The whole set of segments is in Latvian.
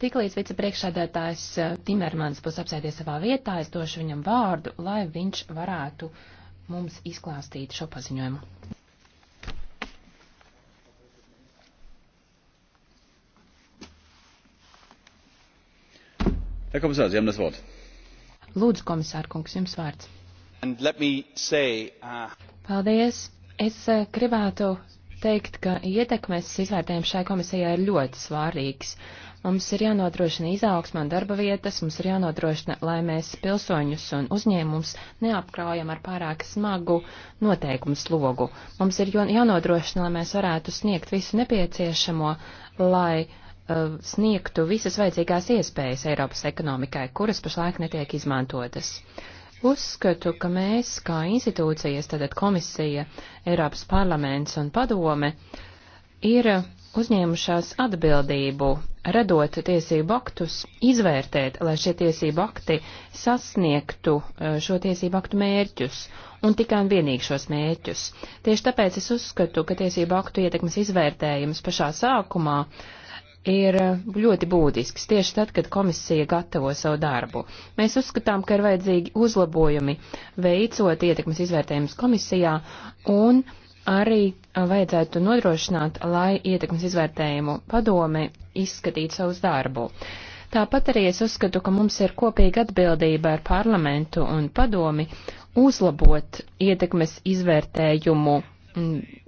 Tiklīdz vicepriekšsēdētājs eh, Timermans būs apsēdies savā vietā, es došu viņam vārdu, lai viņš varētu mums izklāstīt šo paziņojumu. Herr Kommissar, Sie haben das Wort. Lūdzu, komisār kungs, jums vārds. Say, uh... Paldies. Es eh, gribētu teikt, ka ietekmes izvērtējums šai komisijai ir ļoti svārīgs. Mums ir jānodrošina izaugsmē darba vietas, mums ir jānodrošina, lai mēs pilsoņus un uzņēmums neapkraujam ar pārāk smagu noteikumu slogu. Mums ir jānodrošina, lai mēs varētu sniegt visu nepieciešamo, lai uh, sniegtu visas vajadzīgās iespējas Eiropas ekonomikai, kuras pašlaik netiek izmantotas. Uh, Uzskatu, ka mēs kā institūcijas, tātad komisija, Eiropas parlaments un padome, ir uzņēmušās atbildību, radot tiesību aktus, izvērtēt, lai šie tiesību akti sasniegtu eh, šo tiesību aktu mērķus un tikai un vienīgi šos mērķus. Tieši tāpēc es uzskatu, ka tiesību aktu ietekmes izvērtējums pašā sākumā uh, ir eh, ļoti būtisks tieši tad, kad komisija gatavo savu darbu. Mēs uzskatām, ka ir vajadzīgi uzlabojumi veicot ietekmes izvērtējumus komisijā un arī eh, vajadzētu nodrošināt, lai ietekmes izvērtējumu padome izskatītu savus darbu. Tāpat arī es uzskatu, ka mums ir kopīga atbildība ar parlamentu un padomi uzlabot ietekmes izvērtējumu mm,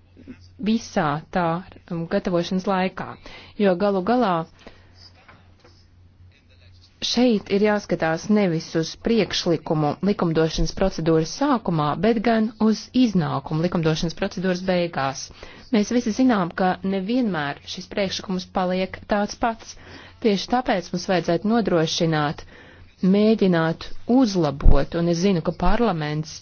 visā tā um, gatavošanas laikā, jo galu galā šeit ir jāskatās nevis uz priekšlikumu likumdošanas procedūras sākumā, bet gan uz iznākumu likumdošanas procedūras beigās. Mēs visi zinām, ka nevienmēr šis priekšlikums paliek tāds pats. Tieši tāpēc mums vajadzētu nodrošināt, mēģināt uzlabot, un es zinu, ka parlaments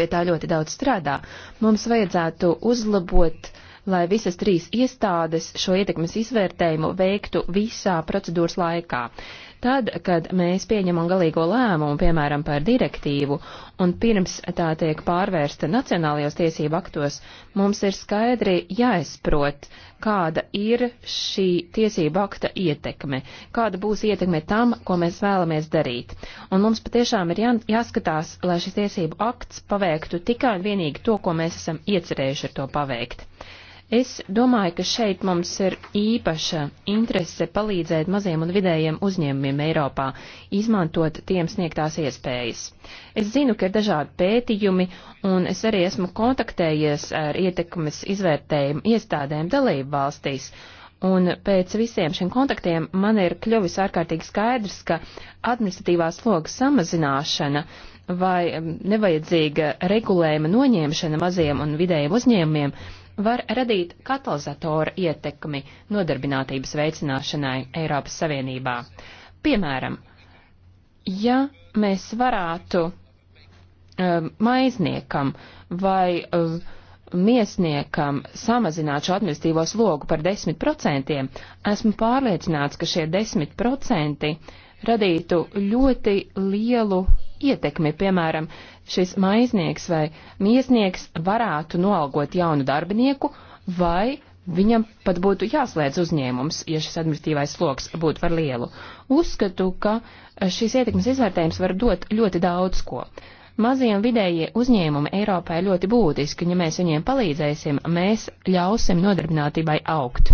pie tā ļoti daudz strādā. Mums vajadzētu uzlabot, lai visas trīs iestādes šo ietekmes izvērtējumu veiktu visā procedūras laikā. Uh, Tad, kad mēs pieņemam galīgo lēmumu, piemēram, par direktīvu, un pirms tā tiek pārvērsta nacionālajos tiesību aktos, mums ir skaidri jāizprot, kāda ir šī tiesību akta ietekme, kāda būs ietekme tam, ko mēs vēlamies darīt. Un mums patiešām ir jā, jāskatās, lai šis tiesību akts paveiktu tikai un vienīgi to, ko mēs esam iecerējuši ar to paveikt. Es domāju, ka šeit mums ir īpaša interese palīdzēt maziem un vidējiem uzņēmumiem Eiropā, izmantot tiem sniegtās iespējas. Es zinu, ka ir dažādi pētījumi, un es arī esmu kontaktējies ar ietekmes izvērtējumu iestādēm dalību valstīs. Un pēc visiem šiem kontaktiem man ir kļuvis ārkārtīgi skaidrs, ka administratīvās slogas samazināšana vai mm, nevajadzīga regulējuma noņemšana maziem un vidējiem uzņēmumiem var radīt katalizatora ietekmi nodarbinātības veicināšanai Eiropas Savienībā. Piemēram, ja mēs varētu um, maizniekam vai um, miesniekam samazināt šo administratīvo slogu par 10%, esmu pārliecināts, ka šie 10% radītu ļoti lielu ietekmi. Piemēram, šis maiznieks vai miesnieks varētu noalgot jaunu darbinieku vai viņam pat būtu jāslēdz uzņēmums, ja šis administratīvais sloks būtu par lielu. Uzskatu, ka šīs ietekmes izvērtējums var dot ļoti daudz ko. Mazie un vidējie uzņēmumi Eiropā ir ļoti būtiski, un ja mēs viņiem palīdzēsim, mēs ļausim nodarbinātībai augt.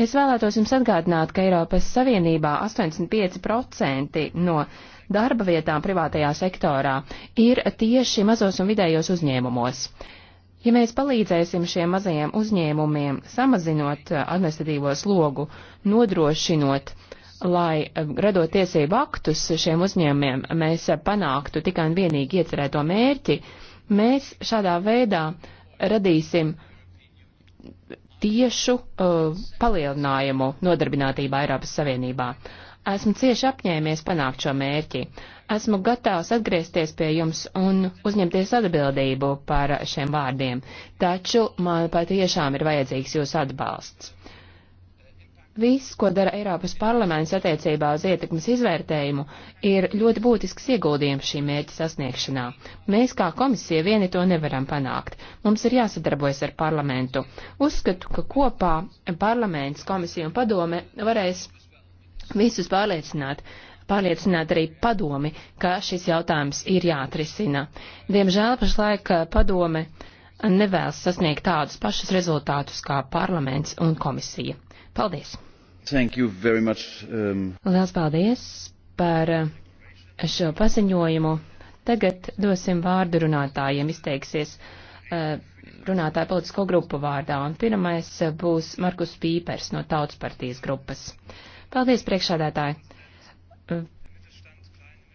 Es vēlētos jums atgādināt, ka Eiropas Savienībā 85% no uh, darba vietām privātajā sektorā ir tieši mazos un vidējos uzņēmumos. Ja mēs palīdzēsim šiem mazajiem uzņēmumiem samazinot eh, administratīvo slogu, nodrošinot, lai eh, radot tiesību aktus šiem uzņēmumiem, mēs panāktu tikai un vienīgi iecerēto mērķi, mēs šādā veidā radīsim tiešu uh, palielinājumu nodarbinātībā Eiropas Savienībā. Uh, Esmu cieši apņēmies panākt šo mērķi. Esmu gatavs atgriezties pie jums un uzņemties atbildību par šiem vārdiem, taču man patiešām ir vajadzīgs jūsu atbalsts. Viss, ko dara Eiropas parlaments attiecībā uz ietekmes izvērtējumu, ir ļoti būtisks ieguldījums šī mērķa sasniegšanā. Mēs kā komisija vieni to nevaram panākt. Mums ir jāsadarbojas ar parlamentu. Uzskatu, ka kopā parlaments, komisija un padome varēs visus pārliecināt, pārliecināt arī padomi, ka šis jautājums ir jāatrisina. Diemžēl pašlaik eh, padome nevēlas sasniegt tādus pašus rezultātus kā parlaments un komisija. Paldies! Thank you very much. Um... Liels paldies par eh, šo paziņojumu. Tagad dosim vārdu runātājiem, izteiksies uh, runātāja politisko grupu vārdā, un pirmais būs Markus Pīpers no Tautas partijas grupas. Uh, Paldies, priekšādātāji.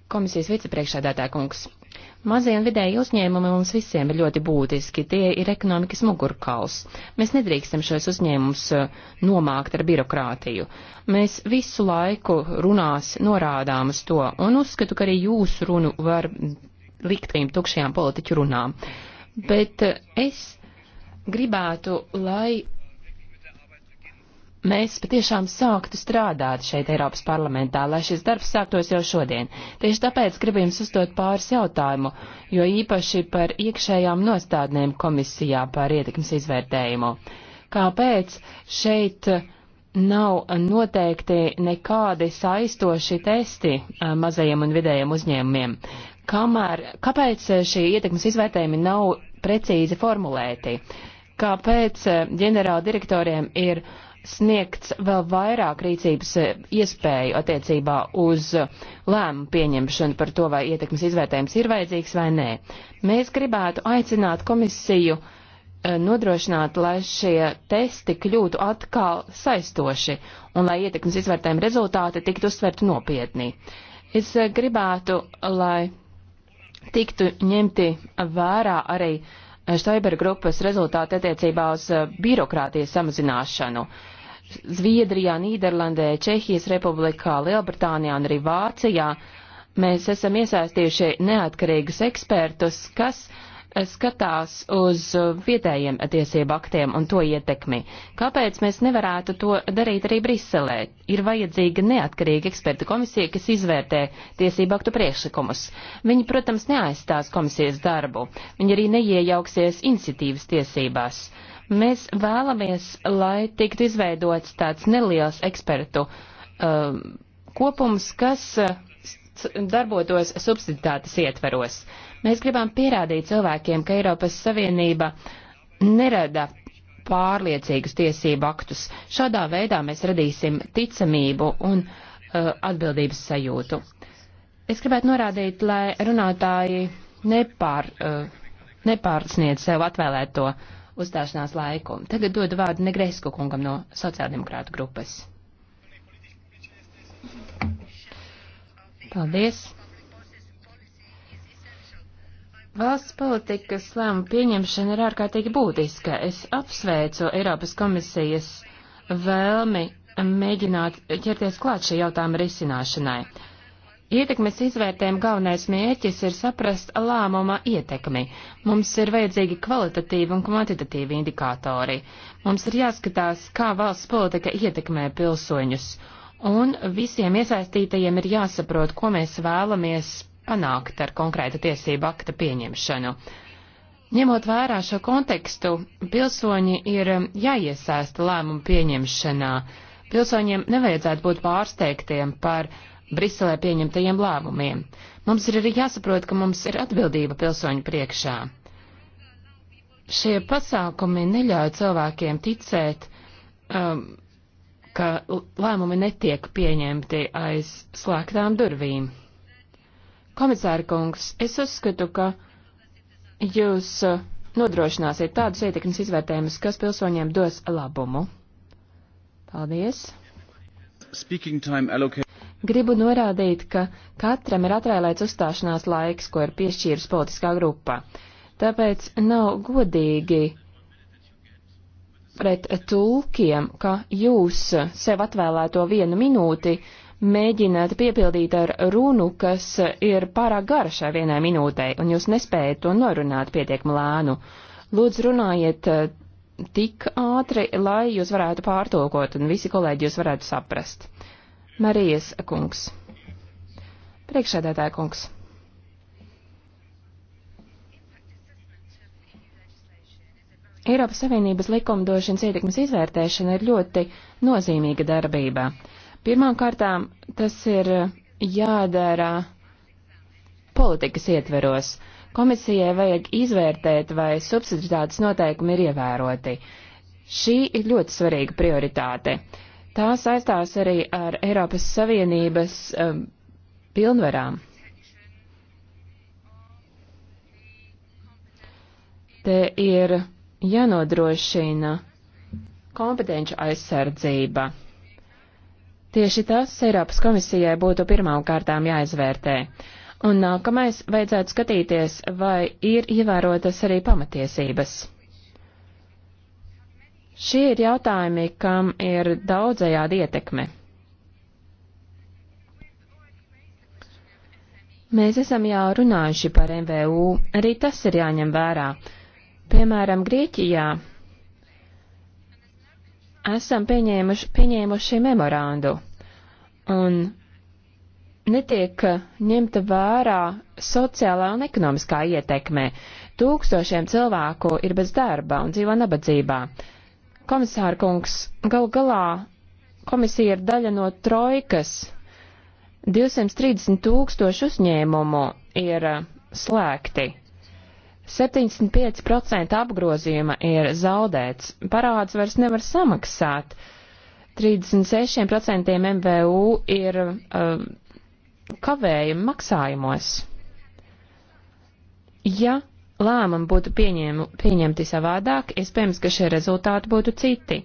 Komisijas vicepriekšādātāja kungs. Mazie un vidēji uzņēmumi mums visiem ir ļoti būtiski. Tie ir ekonomikas mugurkauls. Mēs nedrīkstam šos uzņēmumus eh, nomākt ar birokrātiju. Mēs visu laiku runās norādām uz to, un uzskatu, ka arī jūsu runu var likt trim tukšajām politiķu runām. Bet eh, es gribētu, lai mēs patiešām sāktu strādāt šeit Eiropas parlamentā, lai šis darbs sāktos jau šodien. Tieši tāpēc gribu jums uzdot pāris jautājumu, jo īpaši par iekšējām nostādnēm komisijā par ietekmes izvērtējumu. Kāpēc šeit nav noteikti nekādi saistoši testi eh, mazajiem un vidējiem uzņēmumiem? Kamēr, kāpēc eh, šī ietekmes izvērtējumi nav precīzi formulēti? Kāpēc eh, ģenerāldirektoriem ir uh, sniegts vēl vairāk rīcības eh, iespēju attiecībā uz eh, lēmumu pieņemšanu par to, vai ietekmes izvērtējums ir vajadzīgs vai nē. Mēs gribētu aicināt komisiju eh, nodrošināt, lai šie testi kļūtu atkal saistoši un lai ietekmes izvērtējuma rezultāti tiktu uztverti nopietni. Es gribētu, lai tiktu ņemti vērā arī Štaibera grupas rezultāti attiecībā uz birokrātijas samazināšanu. Uh, Zviedrijā, Nīderlandē, Čehijas republikā, Lielbritānijā un arī Vācijā mēs esam iesaistījuši neatkarīgus ekspertus, kas eh, skatās uz eh, vietējiem tiesību aktiem un to ietekmi. Kāpēc mēs nevarētu to darīt arī Briselē? Ir vajadzīga neatkarīga eksperta komisija, kas izvērtē tiesību aktu priekšlikumus. Viņi, protams, neaizstās komisijas darbu. Viņi arī neiejauksies iniciatīvas tiesībās. Uh, Mēs vēlamies, lai tiktu izveidots tāds neliels ekspertu um, kopums, kas uh, darbotos subsiditātes ietveros. Mēs gribam pierādīt cilvēkiem, ka Eiropas Savienība nerada pārliecīgus tiesību aktus. Šādā veidā mēs radīsim ticamību un uh, atbildības sajūtu. Es gribētu norādīt, lai runātāji nepār, uh, nepārsniedz sev atvēlēto uzstāšanās laiku. Tagad dodu vārdu Negresko kungam no sociāldemokrātu grupas. Paldies! Valsts politikas lēmu pieņemšana ir ārkārtīgi būtiska. Es apsveicu Eiropas komisijas vēlmi mēģināt ķerties klāt šī jautājuma risināšanai. Ietekmes izvērtējuma galvenais mērķis ir saprast lēmuma ietekmi. Mums ir vajadzīgi kvalitatīvi un kvantitatīvi indikātori. Mums ir jāskatās, kā valsts politika ietekmē pilsoņus. Un visiem iesaistītajiem ir jāsaprot, ko mēs vēlamies panākt ar konkrēta tiesība akta pieņemšanu. Ņemot vērā šo kontekstu, pilsoņi ir jāiesaista lēmumu pieņemšanā. Pilsoņiem nevajadzētu būt pārsteigtiem par Briselē pieņemtajiem lēmumiem. Mums ir arī jāsaprot, ka mums ir atbildība pilsoņu priekšā. Šie pasākumi neļauj cilvēkiem ticēt, um, ka lēmumi netiek pieņemti aiz slēgtām durvīm. Komisāra kungs, es uzskatu, ka jūs uh, nodrošināsiet tādus ietekmes izvērtējumus, kas pilsoņiem dos labumu. Paldies! Gribu norādīt, ka katram ir atvēlēts uzstāšanās laiks, ko ir piešķīrusi politiskā grupa. Tāpēc nav godīgi pret tulkiem, ka jūs sev atvēlēto vienu minūti mēģināt piepildīt ar runu, kas ir pārāk gara šai vienai minūtei, un jūs nespējat to norunāt pietiekami lēnu. Lūdzu, runājiet eh, tik ātri, lai jūs varētu pārtulkot un visi kolēģi jūs varētu saprast. Marijas kungs. Priekšsēdētāja kungs. Eiropas Savienības likumdošanas ietekmes izvērtēšana ir ļoti nozīmīga darbība. Pirmkārtām tas ir jādara politikas ietveros. Komisijai vajag izvērtēt, vai subsidiaritātes noteikumi ir ievēroti. Šī ir ļoti svarīga prioritāte. Uh, Tā saistās arī ar Eiropas Savienības um, pilnvarām. Te ir jānodrošina kompetenci aizsardzība. Tieši tas Eiropas komisijai būtu pirmām kārtām jāizvērtē. Un nākamais vajadzētu skatīties, vai ir ievērotas arī pamatiesības. Šie ir jautājumi, kam ir daudzajādi ietekme. Mēs esam jau runājuši par MVU, arī tas ir jāņem vērā. Piemēram, Grieķijā esam pieņēmuši, pieņēmuši memorandu, un netiek ņemta vērā sociālā un ekonomiskā ietekme. Tūkstošiem cilvēku ir bez darba un dzīvo nabadzībā. Komisāra kungs, gal galā komisija ir daļa no trojkas. 230 tūkstoši uzņēmumu ir uh, slēgti. 75% apgrozījuma ir zaudēts, parāds vairs nevar samaksāt. 36% MVU ir uh, kavējumi maksājumos. Ja lēmumi būtu pieņēmu, pieņemti savādāk, iespējams, ka šie rezultāti būtu citi.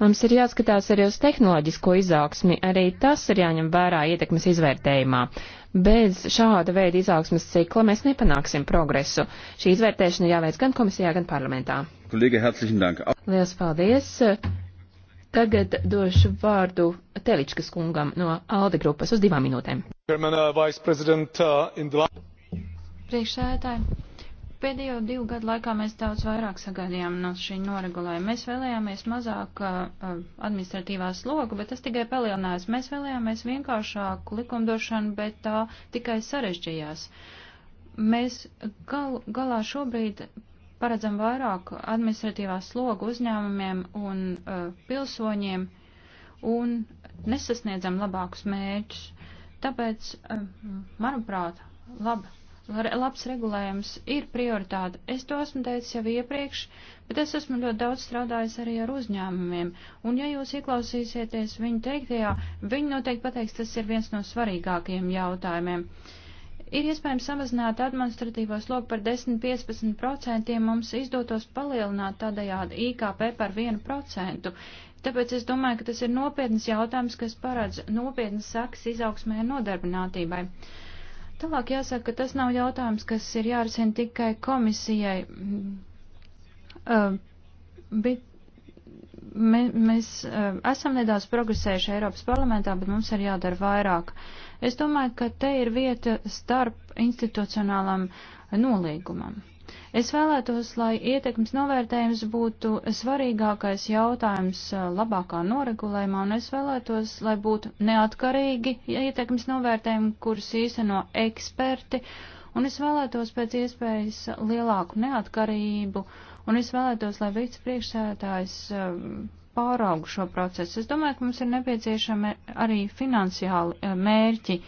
Mums ir jāskatās arī uz tehnoloģisko izaugsmi, arī tas ir jāņem vērā ietekmes izvērtējumā. Bez šāda veida izaugsmes cikla mēs nepanāksim progresu. Šī izvērtēšana jāveic gan komisijā, gan parlamentā. Kolēģi, herzlichen dank. Lielas paldies. Tagad došu vārdu Teličkas kungam no Alde grupas uz divām minūtēm. Uh, uh, Priekšsēdētāji, Pēdējo divu gadu laikā mēs daudz vairāk sagaidījām no šī noregulējuma. Mēs vēlējāmies mazāk uh, uh, administratīvā sloga, bet tas tikai palielinājās. Mēs vēlējāmies vienkāršāku likumdošanu, bet tā tikai sarežģījās. Mēs gal, galā šobrīd paredzam vairāk administratīvā sloga uzņēmumiem un uh, pilsoņiem un nesasniedzam labākus mērķus. Tāpēc, uh, manuprāt, laba labs regulējums ir prioritāte. Es to esmu teicis jau iepriekš, bet es esmu ļoti daudz strādājis arī ar uzņēmumiem. Un ja jūs ieklausīsieties viņu teiktajā, viņi noteikti pateiks, tas ir viens no svarīgākajiem jautājumiem. Ir iespējams samazināt administratīvo slogu par 10-15%, ja mums izdotos palielināt tādējādi IKP par 1%. Tāpēc es domāju, ka tas ir nopietnas jautājums, kas paredz nopietnas sakas izaugsmē nodarbinātībai. Tālāk jāsaka, ka tas nav jautājums, kas ir jārisina tikai komisijai, uh, bet me, mēs uh, esam nedaudz progresējuši Eiropas parlamentā, bet mums ir jādara vairāk. Es domāju, ka te ir vieta starp institucionālam nolīgumam. Es vēlētos, lai ietekmes novērtējums būtu svarīgākais jautājums labākā noregulējumā, un es vēlētos, lai būtu neatkarīgi ietekmes novērtējumi, kurus īsteno eksperti, un es vēlētos pēc iespējas lielāku neatkarību, un es vēlētos, lai vicepriekšsēdētājs pāraugu šo procesu. Es domāju, ka mums ir nepieciešami arī finansiāli mērķi.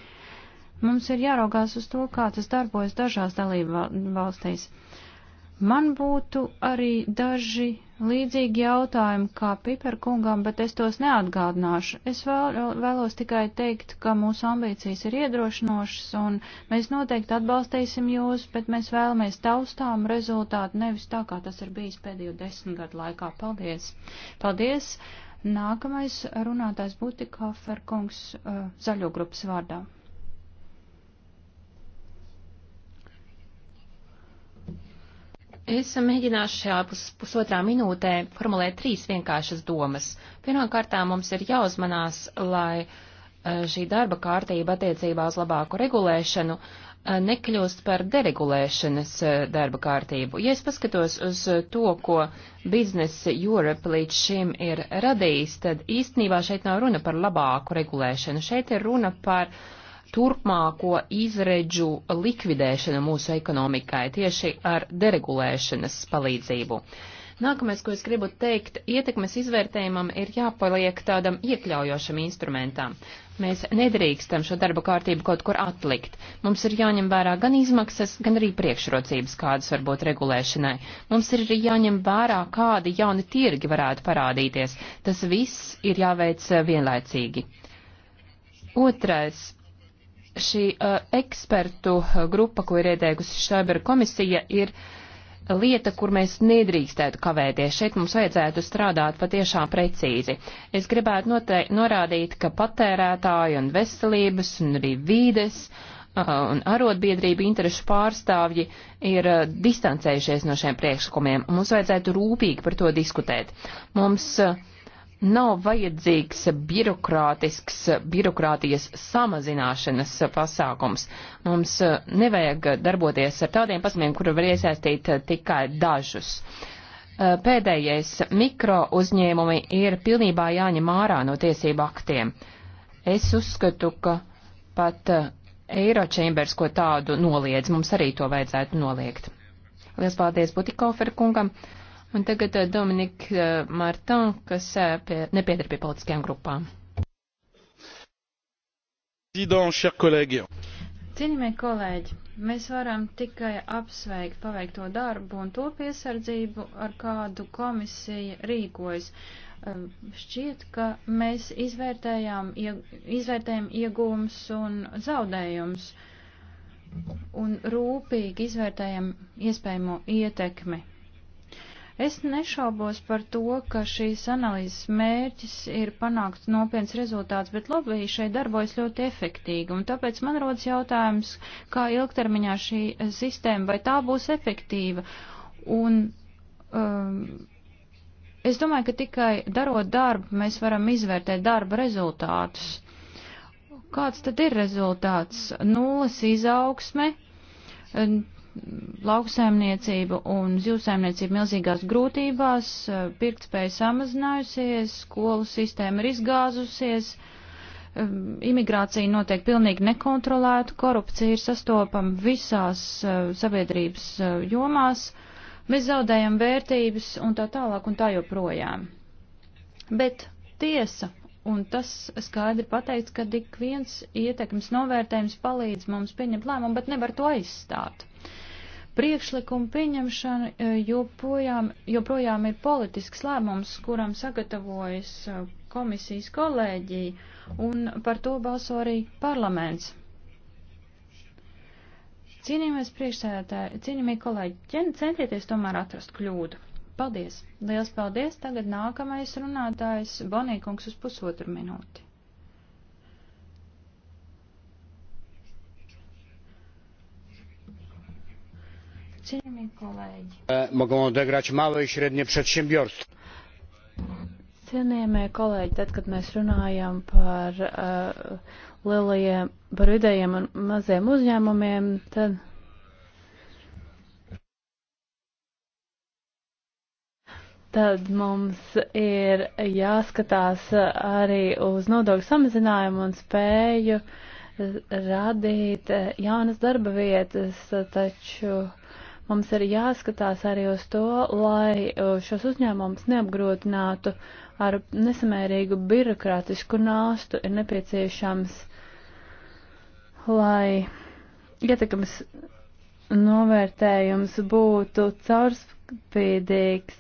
Mums ir jāraugās uz to, kā tas darbojas dažās dalību valstīs. Man būtu arī daži līdzīgi jautājumi kā Piperkungam, bet es tos neatgādināšu. Es vēl, vēlos tikai teikt, ka mūsu ambīcijas ir iedrošinošas un mēs noteikti atbalstīsim jūs, bet mēs vēlamies taustām rezultātu nevis tā, kā tas ir bijis pēdējo desmit gadu laikā. Paldies! Paldies! Nākamais runātājs būtu Kaferkungs uh, zaļo grupas vārdā. Es mēģināšu šajā pus, pusotrā minūtē formulēt trīs vienkāršas domas. Pirmkārt, mums ir jāuzmanās, lai eh, šī darba kārtība attiecībā uz labāku regulēšanu eh, nekļūst par deregulēšanas eh, darba kārtību. Ja es paskatos uz to, ko Business Europe līdz šim ir radījis, tad īstenībā šeit nav runa par labāku regulēšanu. Šeit ir runa par uh, turpmāko izredžu likvidēšana mūsu ekonomikai tieši ar deregulēšanas palīdzību. Nākamais, ko es gribu teikt, ietekmes izvērtējumam ir jāpaliek tādam iekļaujošam instrumentam. Mēs nedrīkstam šo darbu kārtību kaut kur atlikt. Mums ir jāņem vērā gan izmaksas, gan arī priekšrocības, kādas var būt regulēšanai. Mums ir arī jāņem vērā, kādi jauni tirgi varētu parādīties. Tas viss ir jāveic vienlaicīgi. Otrais Šī uh, ekspertu grupa, ko ir ieteikusi Štaibera komisija, ir lieta, kur mēs nedrīkstētu kavēties. Šeit mums vajadzētu strādāt patiešām precīzi. Es gribētu notei, norādīt, ka patērētāji un veselības un arī vīdes un arotbiedrību interešu pārstāvji ir distancējušies no šiem priekšlikumiem. Mums vajadzētu rūpīgi par to diskutēt. Mums uh, Nav vajadzīgs birokrātisks, birokrātijas samazināšanas pasākums. Mums eh, nevajag darboties ar tādiem pasākumiem, kuri var iesaistīt eh, tikai dažus. Eh, pēdējais mikro uzņēmumi ir pilnībā jāņem ārā no tiesību aktiem. Es uzskatu, ka pat Eiročembers, ko tādu noliedz, mums arī to vajadzētu noliegt. Lielas paldies Butikaufer kungam. Uh, Un tagad eh, Dominika eh, Marton, kas eh, pie, nepiedar pie politiskajām grupām. Cienījamie kolēģi, mēs varam tikai apsveikt paveikto darbu un to piesardzību, ar kādu komisija rīkojas. Šķiet, ka mēs izvērtējām, izvērtējām iegūmus un zaudējumus un rūpīgi izvērtējam iespējamo ietekmi Es nešaubos par to, ka šīs analīzes mērķis ir panākt nopietns rezultāts, bet lobby šeit darbojas ļoti efektīgi, un tāpēc man rodas jautājums, kā ilgtermiņā šī eh, sistēma, vai tā būs efektīva. Un, um, Es domāju, ka tikai darot darbu, mēs varam izvērtēt darba rezultātus. Kāds tad ir rezultāts? Nulas izaugsme, lauksaimniecība un zivsaimniecība milzīgās grūtībās, eh, pirktspēja samazinājusies, skolu sistēma ir izgāzusies, eh, imigrācija notiek pilnīgi nekontrolēta, korupcija ir sastopama visās eh, sabiedrības jomās, mēs zaudējam vērtības un tā tālāk un tā joprojām. Bet tiesa un tas skaidri pateikts, ka ik viens ietekmes novērtējums palīdz mums pieņemt lēmumu, bet nevar to aizstāt priekšlikumu pieņemšana e, joprojām, joprojām ir politisks lēmums, kuram sagatavojas e, komisijas kolēģija, un par to balso arī parlaments. Cienījamies priekšsēdētāji, cienījamie kolēģi, centieties tomēr atrast kļūdu. Paldies! Liels paldies! Tagad nākamais runātājs Bonīkungs uz pusotru minūti. Cienījamie kolēģi. E, mogą odegrać małe i średnie przedsiębiorstwa. Cienījamie kolēģi, tad, kad mēs runājam par uh, lielajiem, par vidējiem un maziem uzņēmumiem, tad tad mums ir jāskatās arī uz nodokļu samazinājumu un spēju radīt e, jaunas darba vietas, taču Mums ir jāskatās arī uz to, lai uh, šos uzņēmumus neapgrūtinātu ar nesamērīgu birokrātisku nāstu. Ir nepieciešams, lai ietekmes novērtējums būtu caurspīdīgs.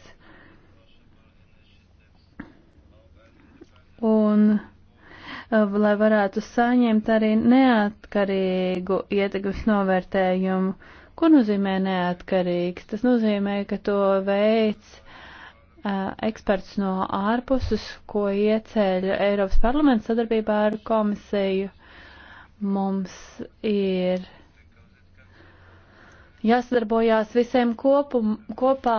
Un uh, lai varētu saņemt arī neatkarīgu ietekmes novērtējumu. Uh, Ko nozīmē neatkarīgs? Tas nozīmē, ka to veids uh, eksperts no ārpuses, ko ieceļ Eiropas parlaments sadarbībā ar komisiju. Mums ir jāsadarbojās visiem kopum, kopā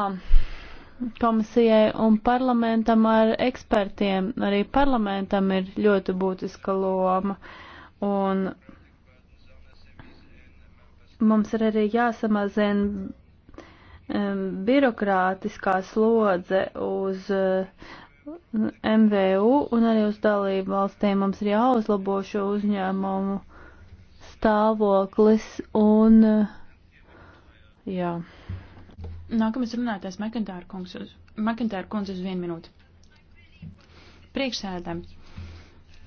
komisijai un parlamentam ar ekspertiem. Arī parlamentam ir ļoti būtiska loma. Un Mums ir arī jāsamazina um, birokrātiskā slodze uz uh, eh, MVU un arī uz dalību valstīm. Mums ir jāuzlabo šo uzņēmumu stāvoklis un uh, jā. Nākamais runātājs Makintāra kungs uz vienu minūti. Priekšsēdēm.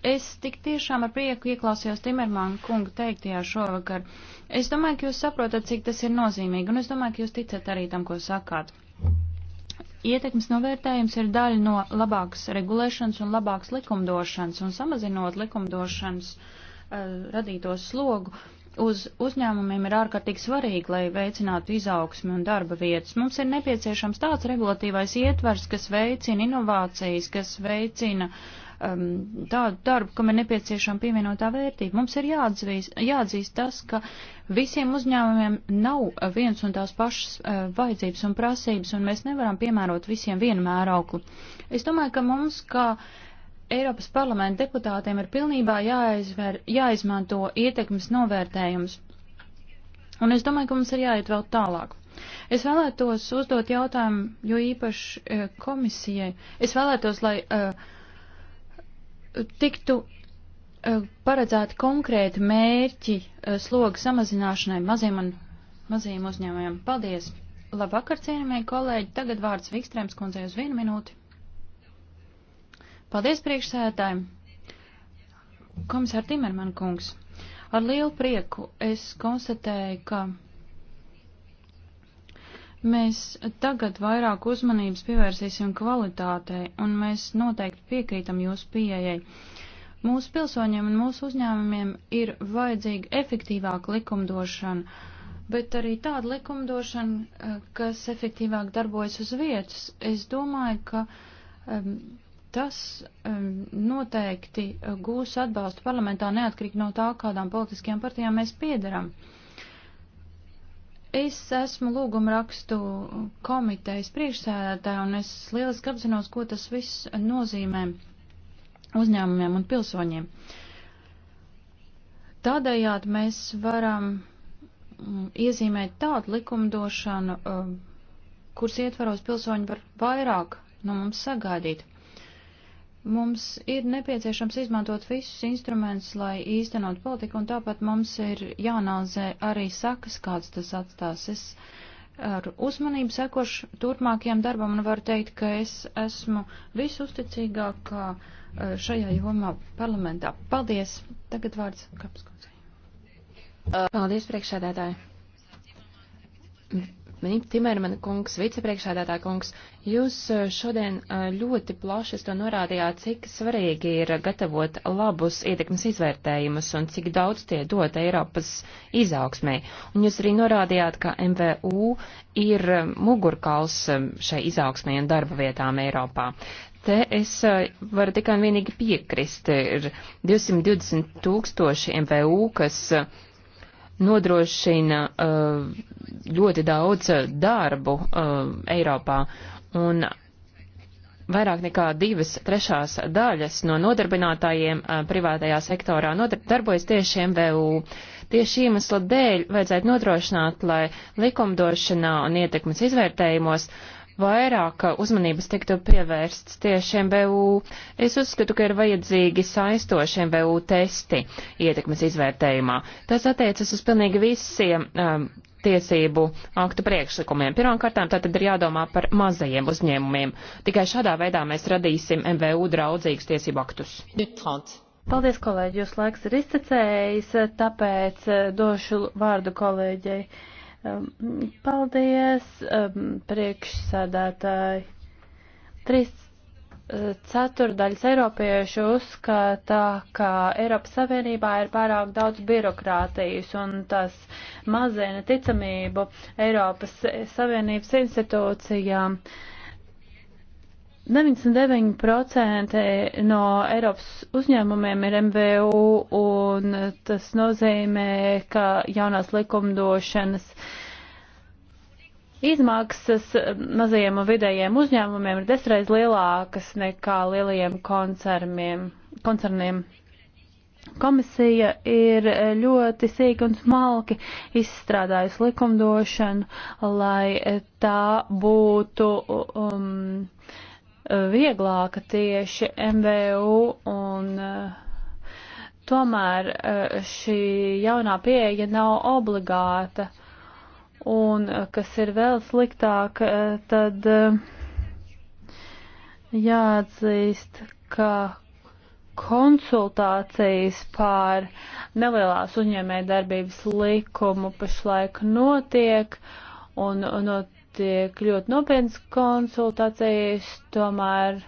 Es tik tiešām ar prieku ieklausījos Timermāna kunga teiktajā šovakar. Es domāju, ka jūs saprotat, cik tas ir nozīmīgi, un es domāju, ka jūs ticat arī tam, ko sakāt. Ietekmes novērtējums ir daļa no labākas regulēšanas un labākas likumdošanas, un samazinot likumdošanas uh, radīto slogu, uz uzņēmumiem ir ārkārtīgi svarīgi, lai veicinātu izaugsmi un darba vietas. Mums ir nepieciešams tāds regulatīvais ietvers, kas veicina inovācijas, kas veicina um, tādu darbu, kam ir nepieciešama pievienotā vērtība. Mums ir jāatzīst, jāatzīst tas, ka visiem uzņēmumiem nav viens un tās pašas uh, vajadzības un prasības, un mēs nevaram piemērot visiem vienu mērauklu. Es domāju, ka mums, kā Eiropas parlamenta deputātiem, ir pilnībā jāizver, jāizmanto ietekmes novērtējums. Un es domāju, ka mums ir jāiet vēl tālāk. Es vēlētos uzdot jautājumu, jo īpaši uh, komisijai. Es vēlētos, lai uh, tiktu eh, paredzēti konkrēti mērķi eh, slogu samazināšanai maziem un mazajiem uzņēmējiem. Paldies! Labvakar, cienījamie kolēģi! Tagad vārds Vikstrēms kundzei uz vienu minūti. Paldies priekšsēdētājiem! Komisār Timerman kungs, ar lielu prieku es konstatēju, ka Mēs tagad vairāk uzmanības pievērsīsim kvalitātei, un mēs noteikti piekrītam jūsu pieejai. Mūsu pilsoņiem un mūsu uzņēmumiem ir vajadzīga efektīvāka likumdošana, bet arī tāda likumdošana, eh, kas efektīvāk darbojas uz vietas. Es domāju, ka um, tas um, noteikti eh, gūs atbalstu parlamentā neatkarīgi no tā, kādām politiskajām partijām mēs piederam. Uh, Es esmu lūguma rakstu komitejas priekšsēdētāja, un es lieliski apzinos, ko tas viss nozīmē uzņēmumiem un pilsoņiem. Tādējādi mēs varam mm, iezīmēt tādu likumdošanu, eh, kuras ietvaros pilsoņi var vairāk no mums sagaidīt. Mums ir nepieciešams izmantot visus instrumentus, lai īstenot politiku, un tāpat mums ir jāanalizē arī sakas, kāds tas atstās. Es ar uzmanību sekošu turpmākajam darbam un varu teikt, ka es esmu visusticīgākā eh, šajā jomā parlamentā. Paldies! Tagad vārds Kapskodzei. Paldies, priekšsēdētāji! Timermana kungs, vicepriekšādātā kungs, jūs eh, šodien eh, ļoti plaši to norādījāt, cik svarīgi ir gatavot labus ietekmes izvērtējumus un cik daudz tie dod Eiropas izaugsmē. Un jūs arī norādījāt, ka MVU ir eh, mugurkauls šai izaugsmē un darba vietām Eiropā. Te es varu tikai un vienīgi piekrist. Ir 220 tūkstoši MVU, kas nodrošina uh, ļoti daudz uh, darbu uh, Eiropā, un vairāk nekā divas trešās daļas no nodarbinātājiem privātajā sektorā darbojas tieši MVU. Tieši iemesla dēļ vajadzētu nodrošināt, lai likumdošanā un ietekmes izvērtējumos uh, vairāk uzmanības tiktu pievērsts tiešiem BU. Es uzskatu, ka ir vajadzīgi saistošiem BU testi ietekmes izvērtējumā. Tas attiecas uz pilnīgi visiem um, tiesību aktu priekšlikumiem. Pirmkārtām tātad ir jādomā par mazajiem uzņēmumiem. Tikai šādā veidā mēs radīsim MVU draudzīgus tiesību aktus. 30. Paldies, kolēģi, jūs laiks ir izcecējis, tāpēc došu vārdu kolēģei. Um, paldies, um, priekšsēdētāji. Trīs uh, ceturdaļas eiropiešu uzskata, ka Eiropas Savienībā ir pārāk daudz birokrātijas un tas mazina ticamību Eiropas Savienības institūcijām. Uh, 99% no Eiropas uzņēmumiem ir MVU, un tas nozīmē, ka jaunās likumdošanas izmaksas mazajiem un vidējiem uzņēmumiem ir desreiz lielākas nekā lielajiem koncerniem. Komisija ir ļoti sīk un smalki izstrādājusi likumdošanu, lai tā būtu. Um, vieglāka tieši MVU un eh, tomēr eh, šī jaunā pieeja nav obligāta. Un eh, kas ir vēl sliktāk, tad jāatzīst, ka konsultācijas pār nelielās uzņēmējdarbības likumu pašlaik notiek, un no notiek ļoti nopietnas konsultācijas, tomēr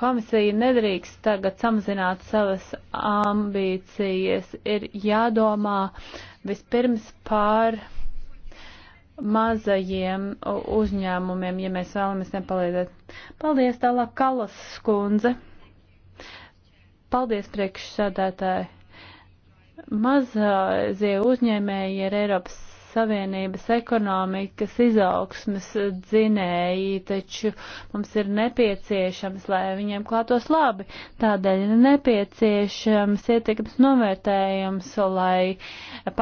komisija nedrīkst tagad samazināt savas ambīcijas. Ir jādomā vispirms par mazajiem uzņēmumiem, ja mēs vēlamies nepalīdzēt. Paldies tālāk, Kalas skundze. Paldies priekšsādātāji. Mazie uzņēmēji ir Eiropas Savienības ekonomikas izaugsmes dzinēji, taču mums ir nepieciešams, lai viņiem klātos labi. Tādēļ ir nepieciešams ietekmes novērtējums, lai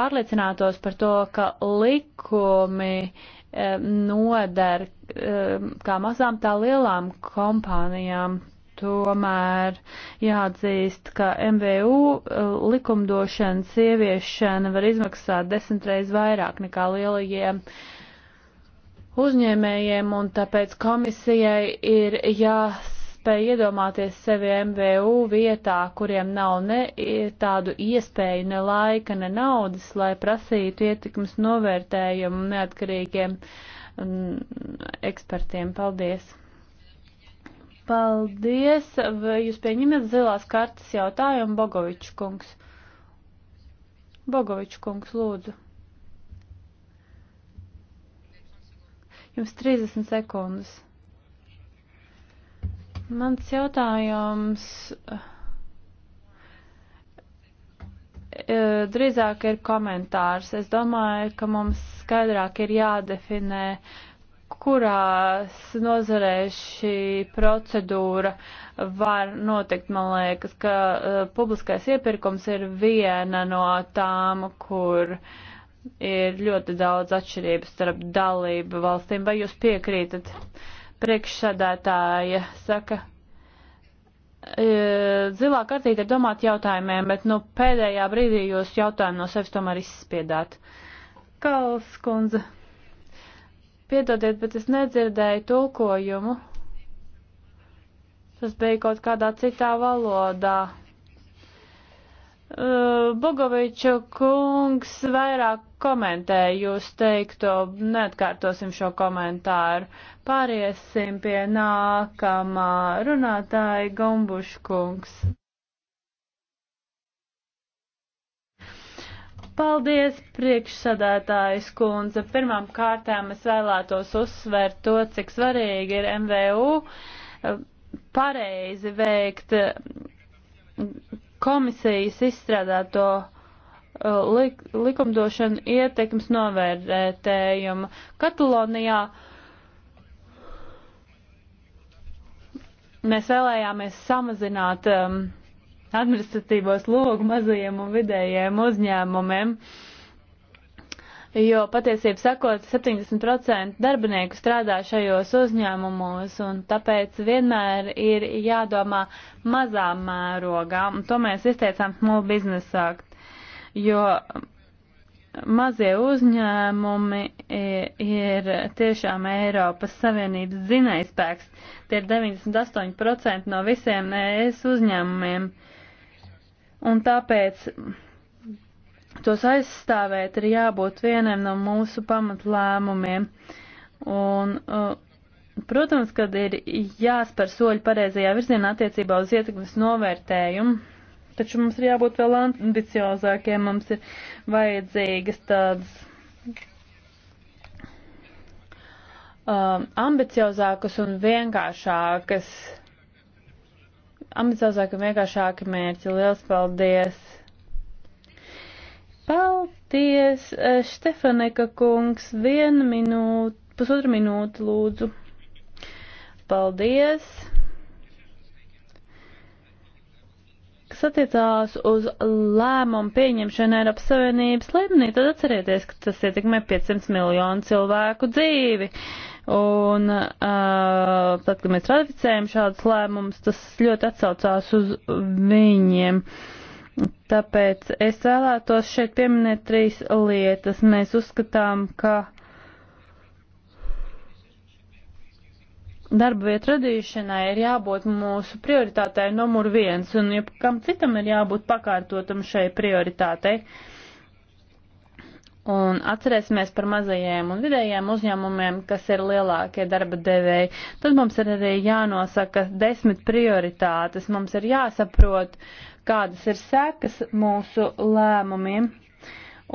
pārliecinātos par to, ka likumi eh, noder eh, kā mazām tā lielām kompānijām Tomēr jāatzīst, ka MVU eh, likumdošanas ieviešana var izmaksāt desmitreiz vairāk nekā lielajiem uzņēmējiem, un tāpēc komisijai ir jāspēj iedomāties sevi MVU vietā, kuriem nav ne tādu iespēju, ne laika, ne naudas, lai prasītu ietekmes novērtējumu neatkarīgiem mm, ekspertiem. Paldies! Paldies, vai jūs pieņemat zilās kartas jautājumu, Bogovičs kungs? Bogovičs kungs, lūdzu. Jums 30 sekundes. Mans jautājums eh, drīzāk ir komentārs. Es domāju, ka mums skaidrāk ir jādefinē uh, kurās nozarē šī procedūra var notikt. Man liekas, ka uh, publiskais iepirkums ir viena no tām, kur ir ļoti daudz atšķirības starp dalību valstīm. Vai jūs piekrītat? Priekšsādātāja saka, uh, zilā kartīte ir domāt jautājumiem, bet nu pēdējā brīdī jūs jautājumu no sevis tomēr izspiedāt. Kals kundze. Piedodiet, bet es nedzirdēju tulkojumu. Tas bija kaut kādā citā valodā. Uh, Bogoviča kungs vairāk komentēja jūs teikto, neatkārtosim šo komentāru. Pāriesim pie nākamā runātāja Gombuš kungs. Paldies, priekšsadātājs kundze. Pirmām kārtām es vēlētos uzsvērt to, cik svarīgi ir MVU eh, pareizi veikt eh, komisijas izstrādāto eh, lik likumdošanu ietekmes novērtējumu. Katalonijā mēs vēlējāmies samazināt um, administratīvo slogu mazajiem un vidējiem uzņēmumiem. Jo patiesībā sakot, 70% darbinieku strādā šajos uzņēmumos, un tāpēc vienmēr ir jādomā mazā mērogā, un to mēs izteicām Small Business Act, jo mazie uzņēmumi ir tiešām Eiropas Savienības zinājspēks, tie ir 98% no visiem ES uzņēmumiem. Uh, un tāpēc tos aizstāvēt ir jābūt vienam no mūsu pamatlēmumiem. Un, uh, protams, kad ir jāspēr soļi pareizajā virzienā attiecībā uz ietekmes novērtējumu, taču mums ir jābūt vēl ambiciozākiem, mums ir vajadzīgas tādas um, ambiciozākas un vienkāršākas ambiciozāki un vienkāršāki mērķi. Liels paldies! Paldies, Štefaneka eh, kungs, vienu minūtu, pusotru minūtu lūdzu. Paldies! kas attiecās uz lēmumu pieņemšanu Eiropas Savienības līmenī, tad atcerieties, ka tas ietekmē 500 miljonu cilvēku dzīvi. Uh, Un uh, tad, kad mēs ratificējam šādus lēmumus, tas ļoti atsaucās uz viņiem. Tāpēc es vēlētos šeit pieminēt trīs lietas. Mēs uzskatām, ka darba vietu radīšanai ir jābūt mūsu prioritātei numur viens, un jebkam citam ir jābūt pakārtotam šai prioritātei. Uh, Un atcerēsimies par mazajiem un vidējiem uzņēmumiem, kas ir lielākie darba devēji. Tad mums ir arī jānosaka desmit prioritātes. Mums ir jāsaprot, kādas ir sekas mūsu lēmumiem.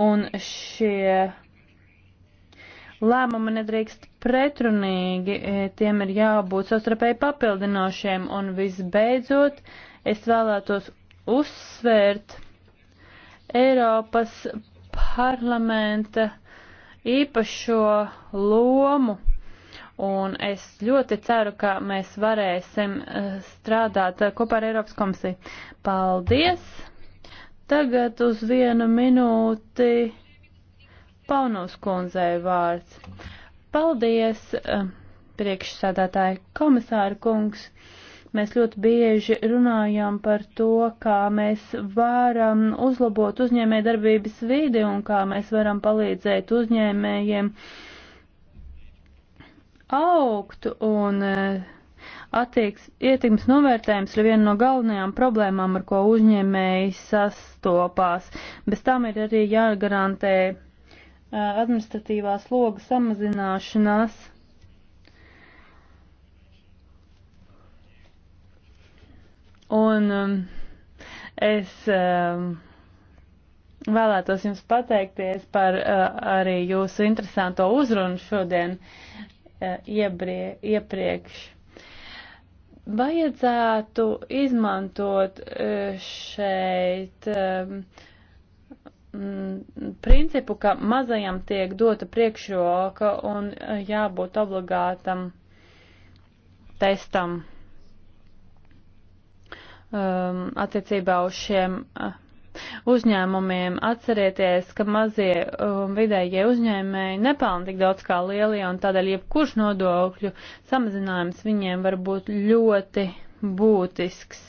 Un šie lēmumi nedrīkst pretrunīgi, e, tiem ir jābūt sastarpēji papildinošiem. Un visbeidzot, es vēlētos uzsvērt Eiropas parlamenta īpašo lomu. Un es ļoti ceru, ka mēs varēsim eh, strādāt eh, kopā ar Eiropas komisiju. Paldies! Tagad uz vienu minūti Paunus kundzei vārds. Paldies, eh, priekšsādātāji komisāra kungs! Mēs ļoti bieži runājam par to, kā mēs varam uzlabot uzņēmē darbības vidi un kā mēs varam palīdzēt uzņēmējiem augt un eh, attieks, ietekmes novērtējums ir viena no galvenajām problēmām, ar ko uzņēmēji sastopās. Bez tam ir arī jāgarantē eh, administratīvās logas samazināšanās. Un um, es um, vēlētos jums pateikties par uh, arī jūsu interesanto uzrunu šodien uh, iebrie, iepriekš. Vajadzētu izmantot uh, šeit um, mm, principu, ka mazajam tiek dota priekšroka un uh, jābūt obligātam testam um, attiecībā uz šiem uh, uzņēmumiem. Atcerieties, ka mazie un um, vidējie uzņēmēji nepelna tik daudz kā lielie, un tādēļ jebkurš nodokļu samazinājums viņiem var būt ļoti būtisks.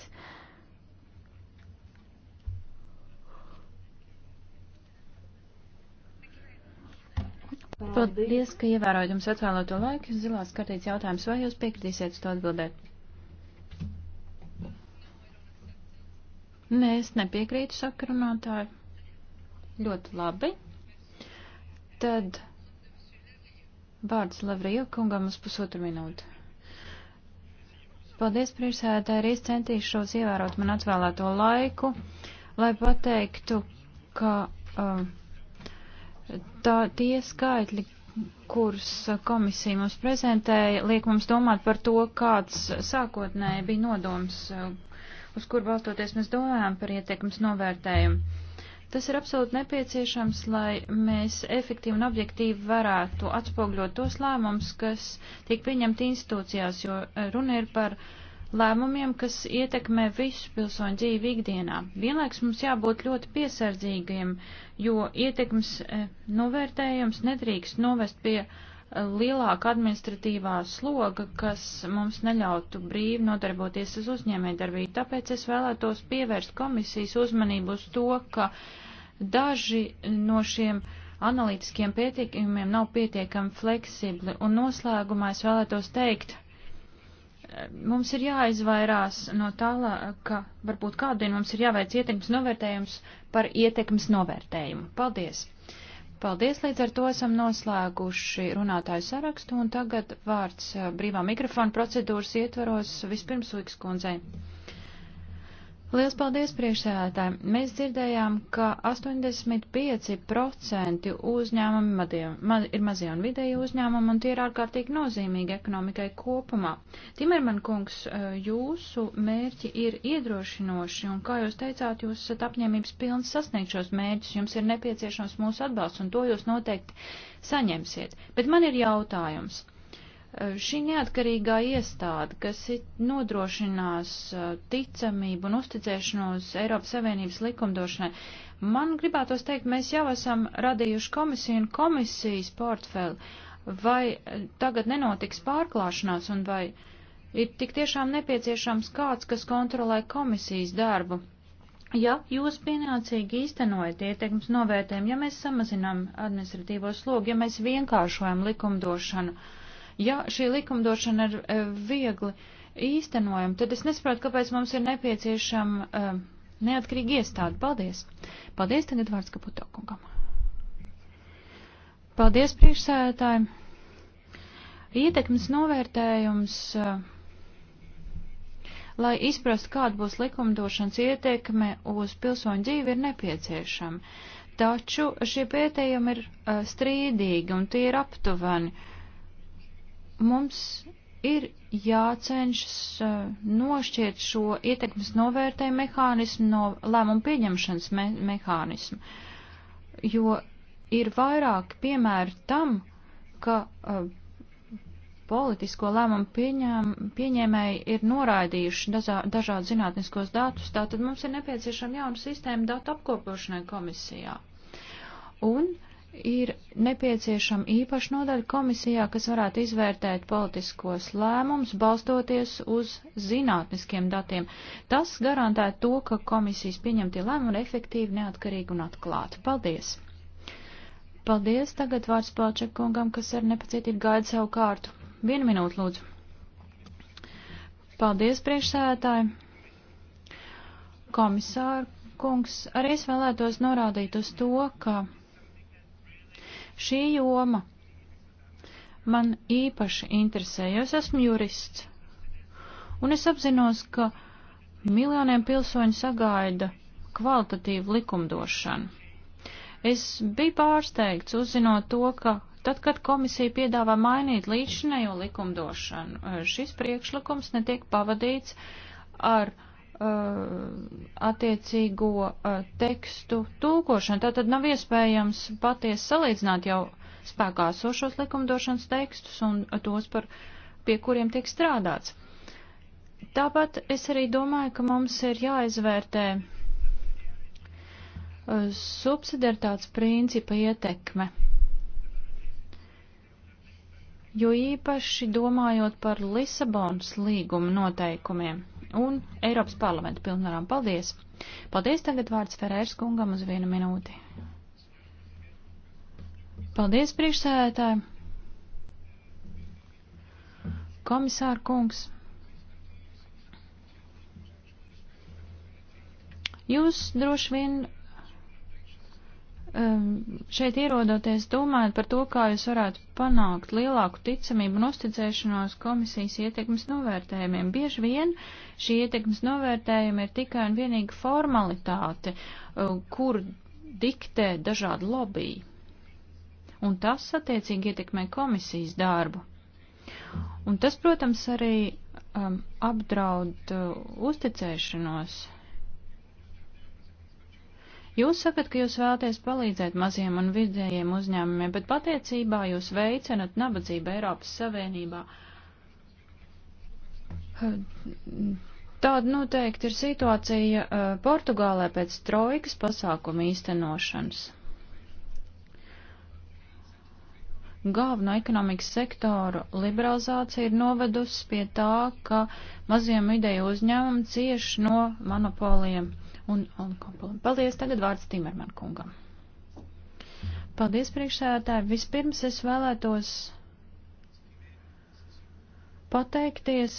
Paldies, ka ievērojat jums atvēlēto laiku. Zilās kartītes jautājums, vai jūs piekritīsiet uz to atbildēt? Nē, es nepiekrītu sakarunātāju. Ļoti labi. Tad vārds Lavrija kungam uz pusotru minūti. Paldies, priekšsēdētāji, arī es centīšos ievērot man atvēlēto laiku, lai pateiktu, ka uh, tā, tie skaitļi, kurus komisija mums prezentēja, liek mums domāt par to, kāds sākotnēji bija nodoms uh, uz kur balstoties mēs domājām par ietekmes novērtējumu. Tas ir absolūti nepieciešams, lai mēs efektīvi un objektīvi varētu atspogļot tos lēmumus, kas tiek pieņemti institūcijās, jo runa ir par lēmumiem, kas ietekmē visu pilsoņu dzīvi ikdienā. Vienlaiks mums jābūt ļoti piesardzīgiem, jo ietekmes eh, novērtējums nedrīkst novest pie uh, lielāka administratīvā sloga, kas mums neļautu brīvi nodarboties uz uzņēmējdarbību. Tāpēc es vēlētos pievērst komisijas uzmanību uz to, ka daži no šiem analītiskiem pētījumiem nav pietiekami fleksibli. Un noslēgumā es vēlētos teikt, mums ir jāizvairās no tā, ka varbūt kādien mums ir jāveic ietekmes novērtējums par ietekmes novērtējumu. Paldies! Paldies, līdz ar to esam noslēguši runātāju sarakstu un tagad vārds brīvā mikrofona procedūras ietvaros vispirms Uiks kundzei. Liels paldies priekšsēdētājiem. Mēs dzirdējām, ka 85% uzņēmumi madiem, mad, ir mazie un vidēji uzņēmumi, un tie ir ārkārtīgi nozīmīgi ekonomikai kopumā. Timerman kungs, eh, jūsu mērķi ir iedrošinoši, un kā jūs teicāt, jūs esat apņēmības pilns sasniegt šos mērķus, jums ir nepieciešams mūsu atbalsts, un to jūs noteikti saņemsiet. Bet man ir jautājums. Eh, šī neatkarīgā iestāde, kas nodrošinās eh, ticamību un uzticēšanos Eiropas Savienības likumdošanai, man gribētos teikt, mēs jau esam radījuši komisiju un komisijas portfeli. Vai eh, tagad nenotiks pārklāšanās un vai ir tik tiešām nepieciešams kāds, kas kontrolē komisijas darbu? Ja jūs pienācīgi īstenojat ieteikums novērtējumu, ja mēs samazinām administratīvo slogu, ja mēs vienkāršojam likumdošanu, uh, Ja šī likumdošana ir eh, viegli īstenojama, tad es nesaprotu, kāpēc mums ir nepieciešama eh, neatkarīga iestāde. Paldies! Paldies tagad vārds Kaputokungam. Paldies priekšsēdētājiem! Ietekmes novērtējums. Uh, lai izprastu, kāda būs likumdošanas ietekme uz pilsoņu dzīvi, ir nepieciešama. Taču šie pētījumi ir uh, strīdīgi un tie ir aptuveni mums ir jācenšas eh, nošķiet šo ietekmes novērtēju mehānismu no lēmumu pieņemšanas me mehānismu, jo ir vairāk piemēru tam, ka uh, politisko lēmumu pieņēm, pieņēmēji ir noraidījuši dažā, dažādu zinātniskos datus, tātad mums ir nepieciešama jauna sistēma datu apkopošanai komisijā. Un uh, ir nepieciešama īpaša nodaļa komisijā, kas varētu izvērtēt politiskos lēmumus, balstoties uz zinātniskiem datiem. Tas garantē to, ka komisijas pieņemtie lēmumi ir efektīvi, neatkarīgi un atklāti. Paldies! Paldies! Tagad vārds Palčekungam, kas ar nepacietību gaida savu kārtu. Vienu minūtu, lūdzu. Paldies, priekšsēdētāji! Komisāra kungs, arī es vēlētos norādīt uz to, ka Šī joma man īpaši interesē, jo es esmu jurists. Un es apzinos, ka miljoniem pilsoņu sagaida kvalitatīvu likumdošanu. Es biju pārsteigts uzzinot to, ka tad, kad komisija piedāvā mainīt līdzinējo likumdošanu, šis priekšlikums netiek pavadīts ar uh, Uh, attiecīgo uh, tekstu tulkošanu. Tātad nav iespējams patiesi salīdzināt jau spēkā sošos likumdošanas tekstus un tos, par, pie kuriem tiek strādāts. Tāpat es arī domāju, ka mums ir jāizvērtē uh, subsidiaritātes principa ietekme. Jo īpaši domājot par Lisabonas līguma noteikumiem un Eiropas parlamenta pilnvarām. Paldies! Paldies tagad vārds Ferērs kungam uz vienu minūti. Paldies, priekšsēdētāji! Komisāra kungs! Jūs droši vien Ehm, šeit ierodoties domājat par to, kā jūs varētu panākt lielāku ticamību un uzticēšanos komisijas ietekmes novērtējumiem. Bieži vien šī ietekmes novērtējuma ir tikai un vienīgi formalitāte, eh, kur diktē dažādi lobby. Un tas attiecīgi ietekmē komisijas darbu. Un tas, protams, arī um, apdraud uh, uzticēšanos Jūs sakat, ka jūs vēlaties palīdzēt maziem un vidējiem uzņēmumiem, bet patiecībā jūs veicinat nabadzību Eiropas Savienībā. Tāda noteikti ir situācija uh, Portugālē pēc trojkas pasākuma īstenošanas. Galveno ekonomikas sektoru liberalizācija ir novedusi pie tā, ka maziem ideju uzņēmumi cieši no monopoliem un Onkopulam. Paldies, tagad vārds Timerman kungam. Paldies, priekšsēdētāji. Vispirms es vēlētos pateikties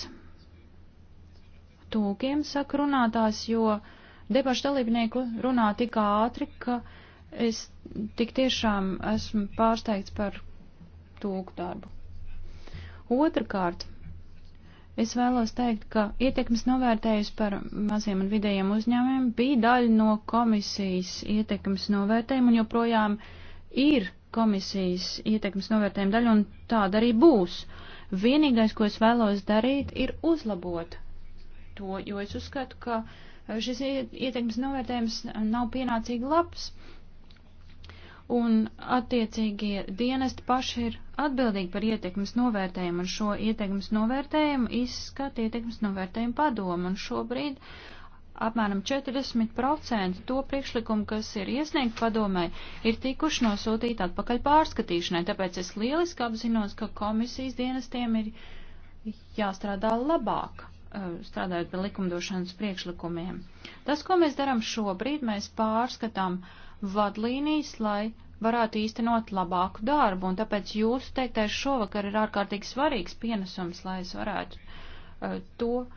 tūkiem, saka runātājs, jo debašu dalībnieku runā tik ātri, ka es tik tiešām esmu pārsteigts par tūku darbu. Otrakārt, Es vēlos teikt, ka ietekmes novērtējus par maziem un vidējiem uzņēmumiem bija daļa no komisijas ietekmes novērtējuma un joprojām ir komisijas ietekmes novērtējuma daļa un tāda arī būs. Vienīgais, ko es vēlos darīt, ir uzlabot to, jo es uzskatu, ka šis ietekmes novērtējums nav pienācīgi labs un attiecīgie dienesti paši ir atbildīgi par ietekmes novērtējumu, un šo ietekmes novērtējumu izskata ietekmes novērtējumu padomu, un šobrīd apmēram 40% to priekšlikumu, kas ir iesniegt padomē, ir tikuši nosūtīti atpakaļ pārskatīšanai, tāpēc es lieliski apzinos, ka komisijas dienestiem ir jāstrādā labāk eh, strādājot pie likumdošanas priekšlikumiem. Tas, ko mēs darām šobrīd, mēs pārskatām uh, vadlīnijas, lai varētu īstenot labāku darbu, un tāpēc jūsu teiktais šovakar ir ārkārtīgi svarīgs pienesums, lai es varētu uh, to uh,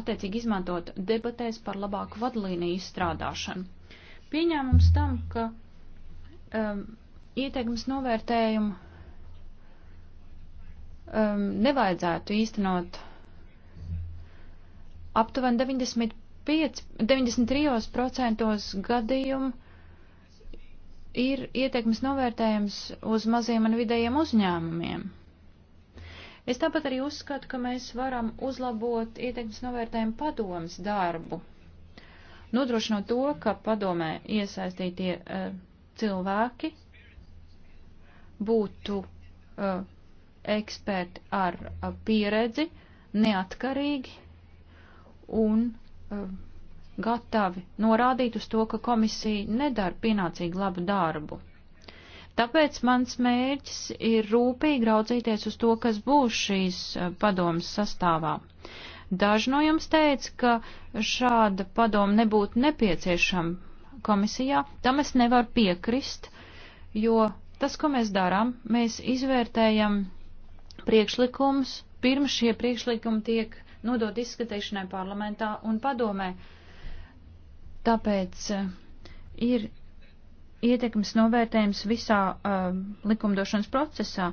attiecīgi izmantot debatēs par labāku vadlīniju izstrādāšanu. Pieņēmums tam, ka um, ieteikums novērtējumu um, nevajadzētu īstenot aptuveni 95, 93% gadījumu ir ietekmes novērtējums uz maziem un vidējiem uzņēmumiem. Es tāpat arī uzskatu, ka mēs varam uzlabot ietekmes novērtējumu padomas darbu, nodrošinot to, ka padomē iesaistītie uh, cilvēki būtu uh, eksperti ar uh, pieredzi, neatkarīgi un uh, gatavi norādīt uz to, ka komisija nedara pienācīgi labu darbu. Tāpēc mans mērķis ir rūpīgi raudzīties uz to, kas būs šīs eh, padomas sastāvā. Daži no jums teica, ka šāda padoma nebūtu nepieciešama komisijā, tam es nevaru piekrist, jo tas, ko mēs darām, mēs izvērtējam priekšlikumus, pirms šie priekšlikumi tiek nodot izskatīšanai parlamentā un padomē. Tāpēc eh, ir ietekmes novērtējums visā uh, likumdošanas procesā.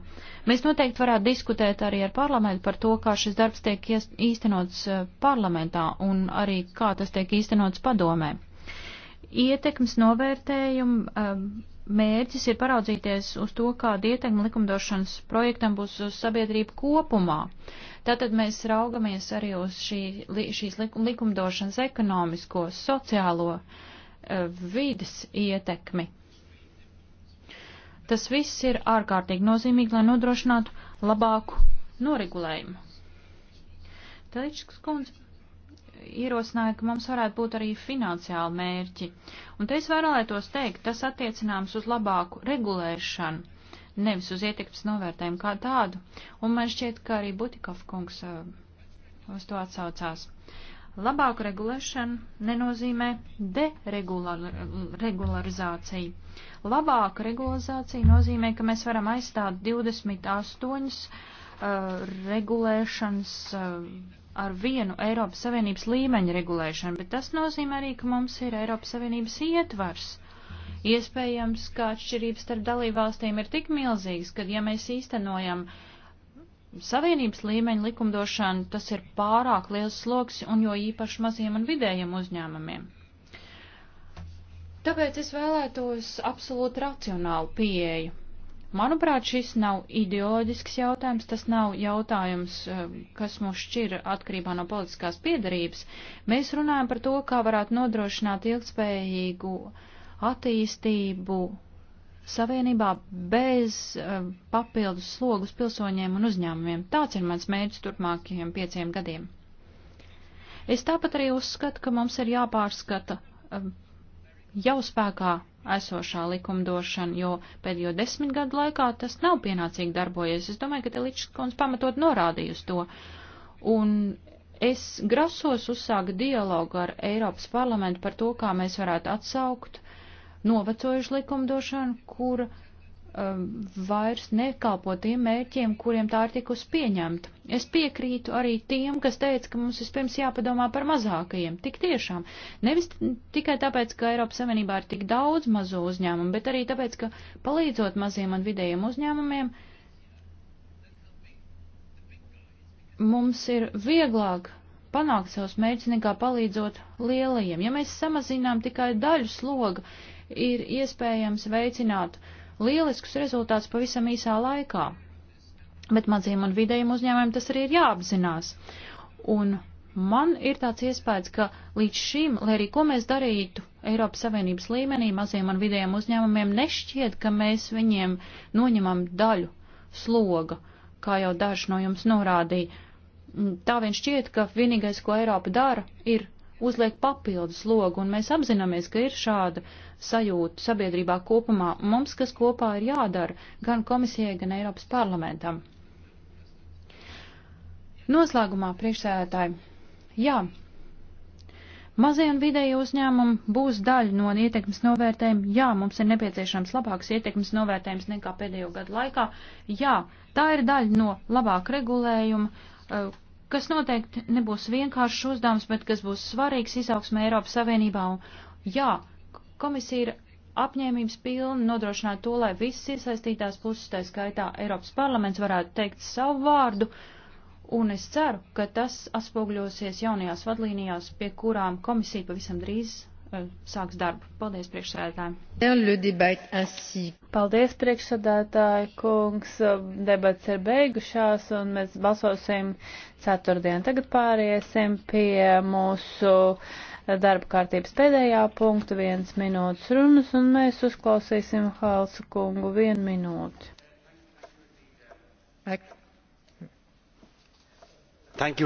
Mēs noteikti varētu diskutēt arī ar parlamentu par to, kā šis darbs tiek īstenots uh, parlamentā un arī kā tas tiek īstenots padomē. Ietekmes novērtējuma uh, mērķis ir paraudzīties uz to, kāda ietekme likumdošanas projektam būs uz sabiedrību kopumā. Uh, Tātad mēs raugamies arī uz šī, šīs likumdošanas ekonomisko, sociālo eh, vidas ietekmi. Tas viss ir ārkārtīgi nozīmīgi, lai nodrošinātu labāku noregulējumu. Teličs kundze ierosināja, ka mums varētu būt arī finansiāli mērķi. Un te es vēlētos teikt, tas attiecināms uz labāku regulēšanu nevis uz ietekmes novērtējumu kā tādu. Un man šķiet, ka arī Butikov kungs uh, uz to atsaucās. Labāku regulēšanu nenozīmē deregularizāciju. Labāka regularizācija nozīmē, ka mēs varam aizstāt 28 uh, regulēšanas uh, ar vienu Eiropas Savienības līmeņa regulēšanu, bet tas nozīmē arī, ka mums ir Eiropas Savienības ietvars. Iespējams, ka atšķirības starp dalībvalstīm ir tik milzīgas, ka ja mēs īstenojam savienības līmeņa likumdošanu, tas ir pārāk liels sloks un jo īpaši maziem un vidējiem uzņēmumiem. Tāpēc es vēlētos absolūti racionālu pieeju. Manuprāt, šis nav ideoloģisks jautājums, tas nav jautājums, eh, kas mūs šķir atkarībā no politiskās piedarības. Mēs runājam par to, kā varētu nodrošināt ilgspējīgu uh, attīstību savienībā bez uh, papildus slogus pilsoņiem un uzņēmumiem. Tāds ir mans mērķis turpmākajiem pieciem gadiem. Es tāpat arī uzskatu, ka mums ir jāpārskata uh, jau spēkā esošā likumdošana, jo pēdējo desmit gadu laikā tas nav pienācīgi darbojies. Es domāju, ka te Ličskons pamatot norādījusi to. Un es grasos uzsākt dialogu ar Eiropas parlamentu par to, kā mēs varētu atsaukt novecojušu likumdošanu, kura um, vairs nekāpo tiem mērķiem, kuriem tā ir tikus pieņemta. Es piekrītu arī tiem, kas teica, ka mums vispirms jāpadomā par mazākajiem. Tik tiešām. Nevis tikai tāpēc, ka Eiropas Savienībā ir tik daudz mazo uzņēmumu, bet arī tāpēc, ka palīdzot maziem un vidējiem uzņēmumiem, mums ir vieglāk panākt savus mērķus nekā palīdzot lielajiem. Ja mēs samazinām tikai daļu sloga, ir iespējams veicināt lieliskus rezultātus pavisam īsā laikā. Bet maziem un vidējiem uzņēmumiem tas arī ir jāapzinās. Un man ir tāds iespējas, ka līdz šim, lai arī ko mēs darītu Eiropas Savienības līmenī, maziem un vidējiem uzņēmumiem nešķiet, ka mēs viņiem noņemam daļu sloga, kā jau daži no jums norādīja. Tā vien šķiet, ka vienīgais, ko Eiropa dara, ir uzliek papildus logu, un mēs apzināmies, ka ir šāda sajūta sabiedrībā kopumā. Mums, kas kopā ir jādara, gan komisijai, gan Eiropas parlamentam. Noslēgumā priekšsēdētāji. Jā, Mazie un vidēji uzņēmumi būs daļa no ietekmes novērtējuma. Jā, mums ir nepieciešams labāks ietekmes novērtējums nekā pēdējo gadu laikā. Jā, tā ir daļa no labāka regulējuma, eh, kas noteikti nebūs vienkāršs uzdevums, bet kas būs svarīgs izaugsmē Eiropas Savienībā. Un, jā, komisija ir apņēmības pilna nodrošināt to, lai visas iesaistītās puses, tā skaitā Eiropas parlaments, varētu teikt savu vārdu, un es ceru, ka tas atspogļosies jaunajās vadlīnijās, pie kurām komisija pavisam drīz sāks darbu. Paldies, priekšsēdētāji. Paldies, priekšsēdētāji, kungs. Debats ir beigušās un mēs balsosim ceturtdien. Tagad pāriesim pie mūsu darba kārtības pēdējā punkta, viens minūtes runas, un mēs uzklausīsim Halsu kungu vienu minūti. Thank you.